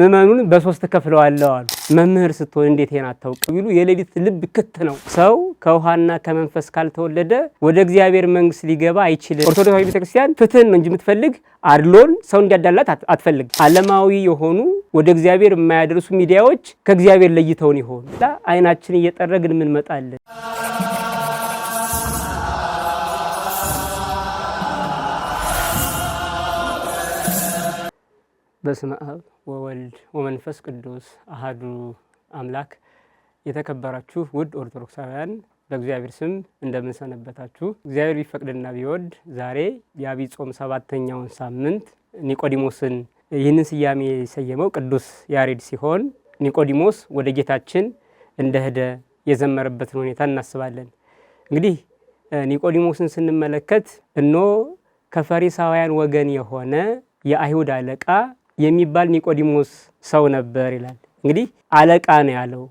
ምዕመኑን በሶስት ከፍለዋለሁ አሉ። መምህር ስትሆን እንዴት ይሄን አታውቅ ቢሉ የሌሊት ልብ ክት ነው። ሰው ከውሃና ከመንፈስ ካልተወለደ ወደ እግዚአብሔር መንግስት ሊገባ አይችልም። ኦርቶዶክስ ቤተክርስቲያን ፍትህን ነው እንጂ የምትፈልግ አድሎን ሰው እንዲያዳላት አትፈልግ። አለማዊ የሆኑ ወደ እግዚአብሔር የማያደርሱ ሚዲያዎች ከእግዚአብሔር ለይተውን ይሆን አይናችን እየጠረግን ምንመጣለን? በስመ አብ ወወልድ ወመንፈስ ቅዱስ አህዱ አምላክ። የተከበራችሁ ውድ ኦርቶዶክሳውያን በእግዚአብሔር ስም እንደምንሰነበታችሁ። እግዚአብሔር ቢፈቅድና ቢወድ ዛሬ የዐቢይ ጾም ሰባተኛውን ሳምንት ኒቆዲሞስን ይህንን ስያሜ የሰየመው ቅዱስ ያሬድ ሲሆን ኒቆዲሞስ ወደ ጌታችን እንደሄደ የዘመረበትን ሁኔታ እናስባለን። እንግዲህ ኒቆዲሞስን ስንመለከት እኖ ከፈሪሳውያን ወገን የሆነ የአይሁድ አለቃ የሚባል ኒቆዲሞስ ሰው ነበር ይላል። እንግዲህ አለቃ ነው ያለው።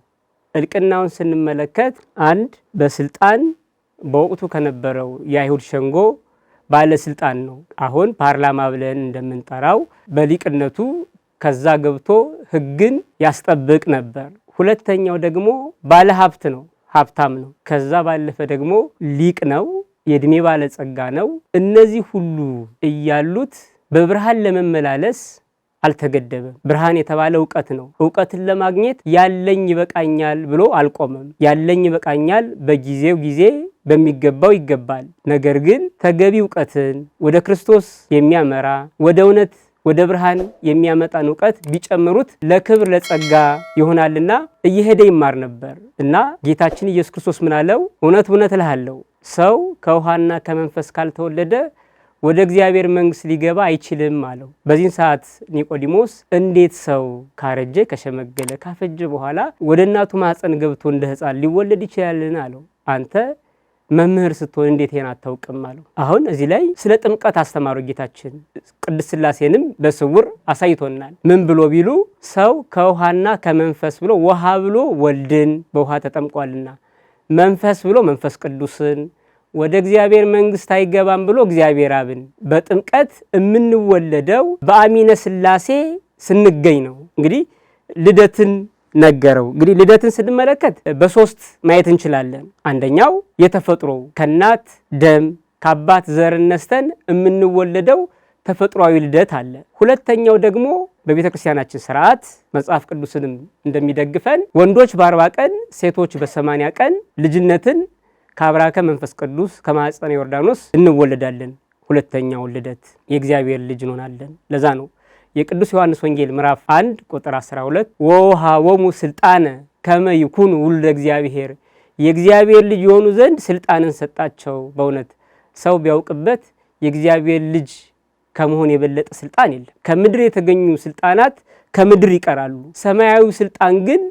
እልቅናውን ስንመለከት አንድ በስልጣን በወቅቱ ከነበረው የአይሁድ ሸንጎ ባለስልጣን ነው። አሁን ፓርላማ ብለን እንደምንጠራው በሊቅነቱ ከዛ ገብቶ ሕግን ያስጠብቅ ነበር። ሁለተኛው ደግሞ ባለሀብት ነው፣ ሀብታም ነው። ከዛ ባለፈ ደግሞ ሊቅ ነው፣ የእድሜ ባለጸጋ ነው። እነዚህ ሁሉ እያሉት በብርሃን ለመመላለስ አልተገደበም። ብርሃን የተባለ እውቀት ነው። እውቀትን ለማግኘት ያለኝ ይበቃኛል ብሎ አልቆመም። ያለኝ ይበቃኛል በጊዜው ጊዜ በሚገባው ይገባል። ነገር ግን ተገቢ እውቀትን ወደ ክርስቶስ የሚያመራ ወደ እውነት ወደ ብርሃን የሚያመጣን እውቀት ቢጨምሩት ለክብር ለጸጋ ይሆናልና እየሄደ ይማር ነበር እና ጌታችን ኢየሱስ ክርስቶስ ምን አለው? እውነት እውነት እልሃለሁ ሰው ከውሃና ከመንፈስ ካልተወለደ ወደ እግዚአብሔር መንግሥት ሊገባ አይችልም አለው። በዚህን ሰዓት ኒቆዲሞስ እንዴት ሰው ካረጀ ከሸመገለ ካፈጀ በኋላ ወደ እናቱ ማፀን ገብቶ እንደ ሕፃን ሊወለድ ይችላልን አለው። አንተ መምህር ስትሆን እንዴት ይሄን አታውቅም አለው። አሁን እዚህ ላይ ስለ ጥምቀት አስተማሩ ጌታችን። ቅድስት ስላሴንም በስውር አሳይቶናል። ምን ብሎ ቢሉ ሰው ከውሃና ከመንፈስ ብሎ ውሃ ብሎ ወልድን በውሃ ተጠምቋልና መንፈስ ብሎ መንፈስ ቅዱስን ወደ እግዚአብሔር መንግስት አይገባም ብሎ እግዚአብሔር አብን በጥምቀት የምንወለደው በአሚነ ስላሴ ስንገኝ ነው። እንግዲህ ልደትን ነገረው። እንግዲህ ልደትን ስንመለከት በሶስት ማየት እንችላለን። አንደኛው የተፈጥሮ ከእናት ደም ከአባት ዘር ነስተን የምንወለደው ተፈጥሯዊ ልደት አለ። ሁለተኛው ደግሞ በቤተ ክርስቲያናችን ስርዓት መጽሐፍ ቅዱስንም እንደሚደግፈን ወንዶች በአርባ ቀን ሴቶች በሰማንያ ቀን ልጅነትን ከአብራከ መንፈስ ቅዱስ ከማኅፀነ ዮርዳኖስ እንወለዳለን። ሁለተኛ ልደት የእግዚአብሔር ልጅ እንሆናለን። ለዛ ነው የቅዱስ ዮሐንስ ወንጌል ምዕራፍ 1 ቁጥር 12 ወሙ ስልጣነ ከመ ይኩን ውሉደ እግዚአብሔር፣ የእግዚአብሔር ልጅ የሆኑ ዘንድ ስልጣንን ሰጣቸው። በእውነት ሰው ቢያውቅበት የእግዚአብሔር ልጅ ከመሆን የበለጠ ስልጣን የለም። ከምድር የተገኙ ስልጣናት ከምድር ይቀራሉ። ሰማያዊ ስልጣን ግን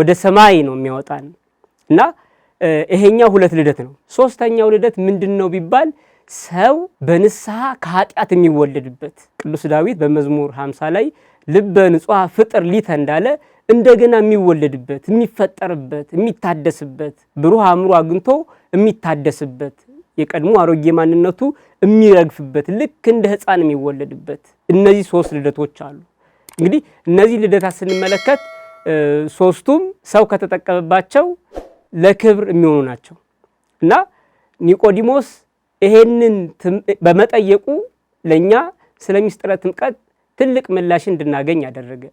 ወደ ሰማይ ነው የሚያወጣን እና ይሄኛው ሁለት ልደት ነው። ሶስተኛው ልደት ምንድን ነው ቢባል ሰው በንስሐ ከኃጢአት የሚወለድበት ቅዱስ ዳዊት በመዝሙር 50 ላይ ልበ ንጹሐ ፍጥር ሊተ እንዳለ እንደገና የሚወለድበት የሚፈጠርበት የሚታደስበት ብሩህ አእምሮ አግኝቶ የሚታደስበት የቀድሞ አሮጌ ማንነቱ የሚረግፍበት ልክ እንደ ሕፃን የሚወለድበት እነዚህ ሶስት ልደቶች አሉ። እንግዲህ እነዚህ ልደታት ስንመለከት ሶስቱም ሰው ከተጠቀመባቸው ለክብር የሚሆኑ ናቸው እና ኒቆዲሞስ ይሄንን በመጠየቁ ለእኛ ስለ ሚስጥረ ጥምቀት ትልቅ ምላሽ እንድናገኝ አደረገ።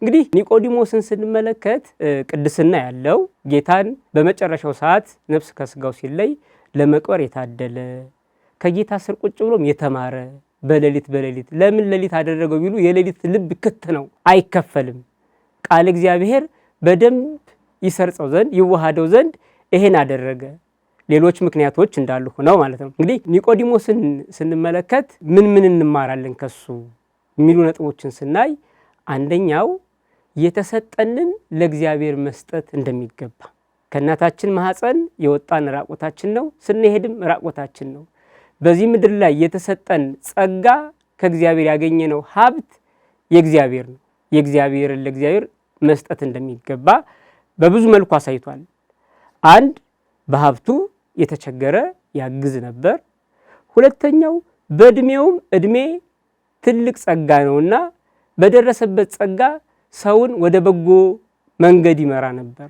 እንግዲህ ኒቆዲሞስን ስንመለከት ቅድስና ያለው ጌታን በመጨረሻው ሰዓት ነፍስ ከስጋው ሲለይ ለመቅበር የታደለ ከጌታ ስር ቁጭ ብሎም የተማረ በሌሊት በሌሊት ለምን ሌሊት አደረገው ቢሉ የሌሊት ልብ ክት ነው፣ አይከፈልም። ቃል እግዚአብሔር በደንብ ይሰርጸው ዘንድ ይዋሃደው ዘንድ ይሄን አደረገ። ሌሎች ምክንያቶች እንዳሉ ሆነው ማለት ነው። እንግዲህ ኒቆዲሞስን ስንመለከት ምን ምን እንማራለን ከሱ የሚሉ ነጥቦችን ስናይ አንደኛው የተሰጠንን ለእግዚአብሔር መስጠት እንደሚገባ ከእናታችን ማኅፀን የወጣን ራቆታችን ነው፣ ስንሄድም ራቆታችን ነው። በዚህ ምድር ላይ የተሰጠን ጸጋ ከእግዚአብሔር ያገኘነው ሀብት የእግዚአብሔር ነው። የእግዚአብሔርን ለእግዚአብሔር መስጠት እንደሚገባ በብዙ መልኩ አሳይቷል። አንድ በሀብቱ የተቸገረ ያግዝ ነበር። ሁለተኛው በእድሜውም እድሜ ትልቅ ጸጋ ነውና በደረሰበት ጸጋ ሰውን ወደ በጎ መንገድ ይመራ ነበር።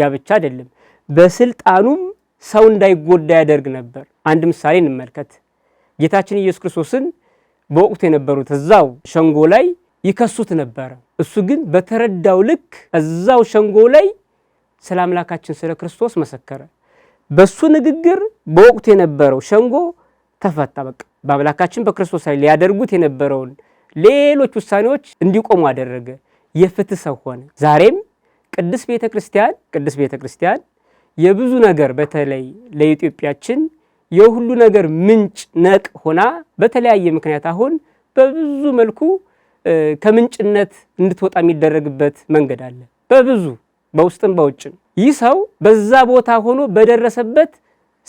ያ ብቻ አይደለም፣ በስልጣኑም ሰው እንዳይጎዳ ያደርግ ነበር። አንድ ምሳሌ እንመልከት። ጌታችን ኢየሱስ ክርስቶስን በወቅቱ የነበሩት እዛው ሸንጎ ላይ ይከሱት ነበረ። እሱ ግን በተረዳው ልክ እዛው ሸንጎ ላይ ስለ አምላካችን ስለ ክርስቶስ መሰከረ። በሱ ንግግር በወቅቱ የነበረው ሸንጎ ተፈታ። በቃ በአምላካችን በክርስቶስ ላይ ሊያደርጉት የነበረውን ሌሎች ውሳኔዎች እንዲቆሙ አደረገ። የፍትህ ሰው ሆነ። ዛሬም ቅድስት ቤተ ክርስቲያን ቅድስት ቤተ ክርስቲያን የብዙ ነገር በተለይ ለኢትዮጵያችን የሁሉ ነገር ምንጭ ነቅ ሆና በተለያየ ምክንያት አሁን በብዙ መልኩ ከምንጭነት እንድትወጣ የሚደረግበት መንገድ አለ፣ በብዙ በውስጥም በውጭም። ይህ ሰው በዛ ቦታ ሆኖ በደረሰበት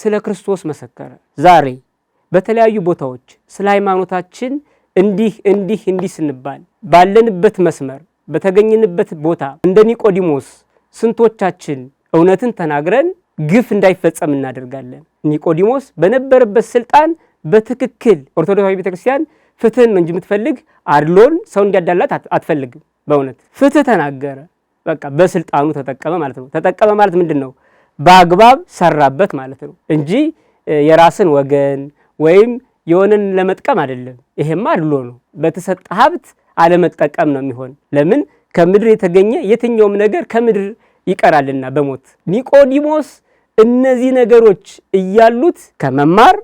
ስለ ክርስቶስ መሰከረ። ዛሬ በተለያዩ ቦታዎች ስለ ሃይማኖታችን እንዲህ እንዲህ እንዲህ ስንባል ባለንበት መስመር በተገኘንበት ቦታ እንደ ኒቆዲሞስ ስንቶቻችን እውነትን ተናግረን ግፍ እንዳይፈጸም እናደርጋለን። ኒቆዲሞስ በነበረበት ስልጣን በትክክል ኦርቶዶክሳዊ ቤተክርስቲያን ፍትህን ነው እንጂ የምትፈልግ አድሎን ሰው እንዲያዳላት አትፈልግም። በእውነት ፍትህ ተናገረ፣ በቃ በስልጣኑ ተጠቀመ ማለት ነው። ተጠቀመ ማለት ምንድን ነው? በአግባብ ሰራበት ማለት ነው እንጂ የራስን ወገን ወይም የሆነን ለመጥቀም አይደለም። ይሄማ አድሎ ነው። በተሰጠ ሀብት አለመጠቀም ነው የሚሆን። ለምን ከምድር የተገኘ የትኛውም ነገር ከምድር ይቀራልና በሞት ኒቆዲሞስ እነዚህ ነገሮች እያሉት ከመማር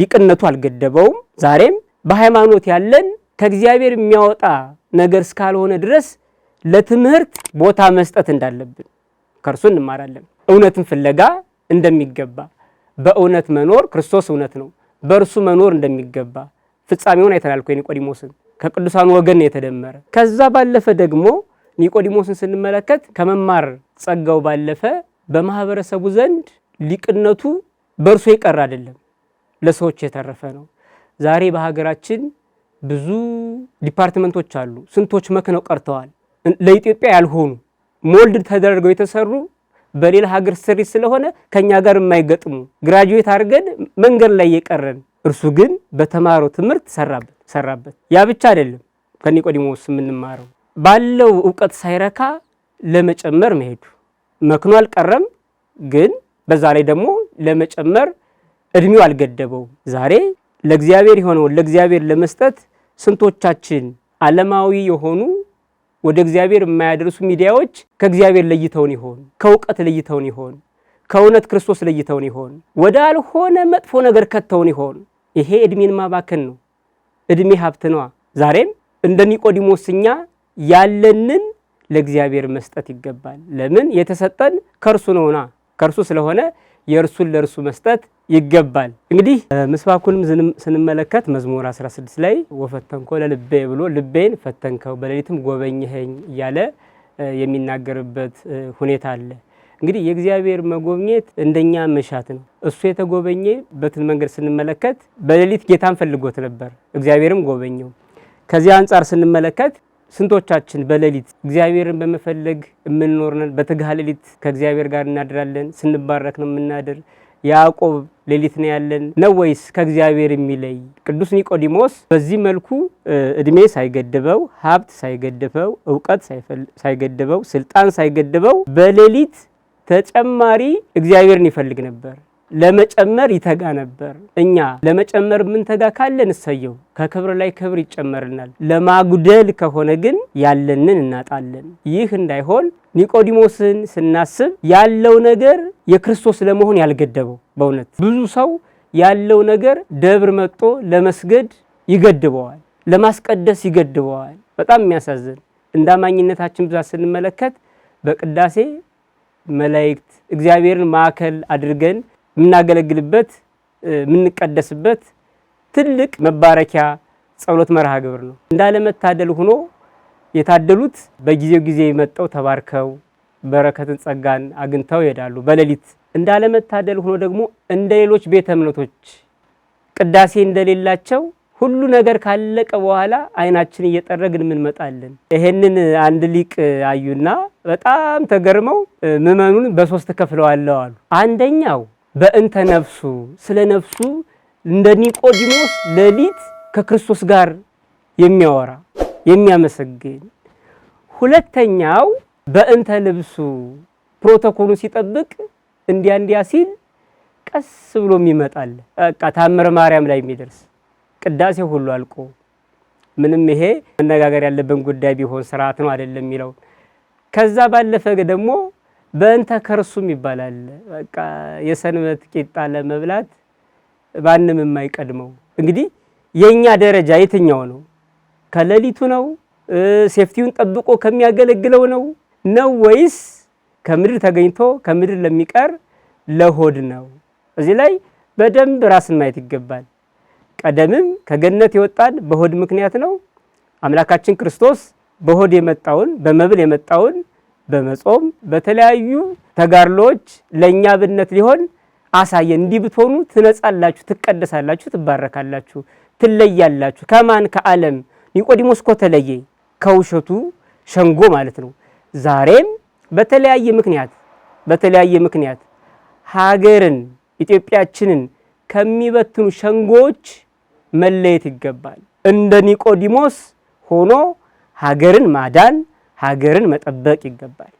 ሊቅነቱ አልገደበውም። ዛሬም በሃይማኖት ያለን ከእግዚአብሔር የሚያወጣ ነገር እስካልሆነ ድረስ ለትምህርት ቦታ መስጠት እንዳለብን ከእርሱ እንማራለን። እውነትን ፍለጋ እንደሚገባ በእውነት መኖር ክርስቶስ እውነት ነው፣ በእርሱ መኖር እንደሚገባ ፍጻሜውን አይተናል እኮ ኒቆዲሞስን ከቅዱሳን ወገን የተደመረ። ከዛ ባለፈ ደግሞ ኒቆዲሞስን ስንመለከት ከመማር ጸጋው ባለፈ በማህበረሰቡ ዘንድ ሊቅነቱ በእርሱ የቀረ አይደለም፣ ለሰዎች የተረፈ ነው። ዛሬ በሀገራችን ብዙ ዲፓርትመንቶች አሉ። ስንቶች መክነው ቀርተዋል። ለኢትዮጵያ ያልሆኑ ሞልድ ተደርገው የተሰሩ በሌላ ሀገር ስሪ ስለሆነ ከኛ ጋር የማይገጥሙ ግራጁዌት አድርገን መንገድ ላይ የቀረን። እርሱ ግን በተማረው ትምህርት ሰራበት ያ ብቻ አይደለም። ከኒቆዲሞስ የምንማረው ባለው እውቀት ሳይረካ ለመጨመር መሄዱ መክኖ አልቀረም፣ ግን በዛ ላይ ደግሞ ለመጨመር እድሜው አልገደበውም ዛሬ ለእግዚአብሔር የሆነውን ለእግዚአብሔር ለመስጠት ስንቶቻችን ዓለማዊ የሆኑ ወደ እግዚአብሔር የማያደርሱ ሚዲያዎች ከእግዚአብሔር ለይተውን ይሆን? ከእውቀት ለይተውን ይሆን? ከእውነት ክርስቶስ ለይተውን ይሆን? ወደ አልሆነ መጥፎ ነገር ከተውን ይሆን? ይሄ እድሜን ማባከን ነው። እድሜ ሀብት ነዋ። ዛሬም እንደ ኒቆዲሞስ እኛ ያለንን ለእግዚአብሔር መስጠት ይገባል። ለምን? የተሰጠን ከእርሱ ነውና፣ ከእርሱ ስለሆነ የእርሱን ለእርሱ መስጠት ይገባል። እንግዲህ ምስባኩንም ስንመለከት መዝሙር 16 ላይ ወፈተንኮ ለልቤ ብሎ ልቤን ፈተንከው በሌሊትም ጎበኘኸኝ እያለ የሚናገርበት ሁኔታ አለ። እንግዲህ የእግዚአብሔር መጎብኘት እንደኛ መሻት ነው። እሱ የተጎበኘበትን መንገድ ስንመለከት በሌሊት ጌታን ፈልጎት ነበር፣ እግዚአብሔርም ጎበኘው። ከዚህ አንጻር ስንመለከት ስንቶቻችን በሌሊት እግዚአብሔርን በመፈለግ የምንኖርነን? በትጋህ ሌሊት ከእግዚአብሔር ጋር እናድራለን፣ ስንባረክ ነው የምናድር። ያዕቆብ ሌሊት ነው ያለን ነው ወይስ ከእግዚአብሔር የሚለይ? ቅዱስ ኒቆዲሞስ በዚህ መልኩ እድሜ ሳይገድበው፣ ሀብት ሳይገድበው፣ እውቀት ሳይገድበው፣ ስልጣን ሳይገድበው በሌሊት ተጨማሪ እግዚአብሔርን ይፈልግ ነበር። ለመጨመር ይተጋ ነበር። እኛ ለመጨመር የምንተጋ ካለን እሰየው፣ ከክብር ላይ ክብር ይጨመርናል። ለማጉደል ከሆነ ግን ያለንን እናጣለን። ይህ እንዳይሆን ኒቆዲሞስን ስናስብ ያለው ነገር የክርስቶስ ለመሆን ያልገደበው በእውነት ብዙ ሰው ያለው ነገር ደብር መጥቶ ለመስገድ ይገድበዋል፣ ለማስቀደስ ይገድበዋል። በጣም የሚያሳዝን እንዳማኝነታችን ብዛት ስንመለከት በቅዳሴ መላእክት እግዚአብሔርን ማዕከል አድርገን የምናገለግልበት የምንቀደስበት ትልቅ መባረኪያ ጸሎት መርሃ ግብር ነው። እንዳለመታደል ሆኖ የታደሉት በጊዜው ጊዜ መጠው ተባርከው በረከትን ጸጋን አግኝተው ይሄዳሉ። በሌሊት እንዳለመታደል ሆኖ ደግሞ እንደ ሌሎች ቤተ እምነቶች ቅዳሴ እንደሌላቸው ሁሉ ነገር ካለቀ በኋላ አይናችን እየጠረግን እንመጣለን። ይሄንን አንድ ሊቅ አዩና በጣም ተገርመው ምዕመኑን በሶስት ከፍለዋለው አሉ። አንደኛው በእንተ ነፍሱ ስለ ነፍሱ እንደ ኒቆዲሞስ ሌሊት ከክርስቶስ ጋር የሚያወራ የሚያመሰግን ሁለተኛው በእንተ ልብሱ ፕሮቶኮሉ ሲጠብቅ እንዲያ እንዲያ ሲል ቀስ ብሎ የሚመጣል በቃ ታምረ ማርያም ላይ የሚደርስ ቅዳሴ ሁሉ አልቆ ምንም ይሄ መነጋገር ያለብን ጉዳይ ቢሆን ስርዓት ነው አይደለም የሚለው ከዛ ባለፈ ደግሞ በእንተ ከርሱም ይባላል። በቃ የሰንበት ቂጣ ለመብላት ማንም የማይቀድመው እንግዲህ የእኛ ደረጃ የትኛው ነው? ከሌሊቱ ነው? ሴፍቲውን ጠብቆ ከሚያገለግለው ነው ነው ወይስ ከምድር ተገኝቶ ከምድር ለሚቀር ለሆድ ነው? እዚህ ላይ በደንብ ራስን ማየት ይገባል። ቀደምም ከገነት የወጣን በሆድ ምክንያት ነው። አምላካችን ክርስቶስ በሆድ የመጣውን በመብል የመጣውን በመጾም በተለያዩ ተጋድሎዎች ለእኛ አብነት ሊሆን አሳየን። እንዲህ ብትሆኑ ትነጻላችሁ፣ ትቀደሳላችሁ፣ ትባረካላችሁ፣ ትለያላችሁ ከማን ከዓለም ኒቆዲሞስ እኮ ተለየ ከውሸቱ ሸንጎ ማለት ነው። ዛሬም በተለያየ ምክንያት በተለያየ ምክንያት ሀገርን ኢትዮጵያችንን ከሚበትኑ ሸንጎዎች መለየት ይገባል። እንደ ኒቆዲሞስ ሆኖ ሀገርን ማዳን ሀገርን መጠበቅ ይገባል።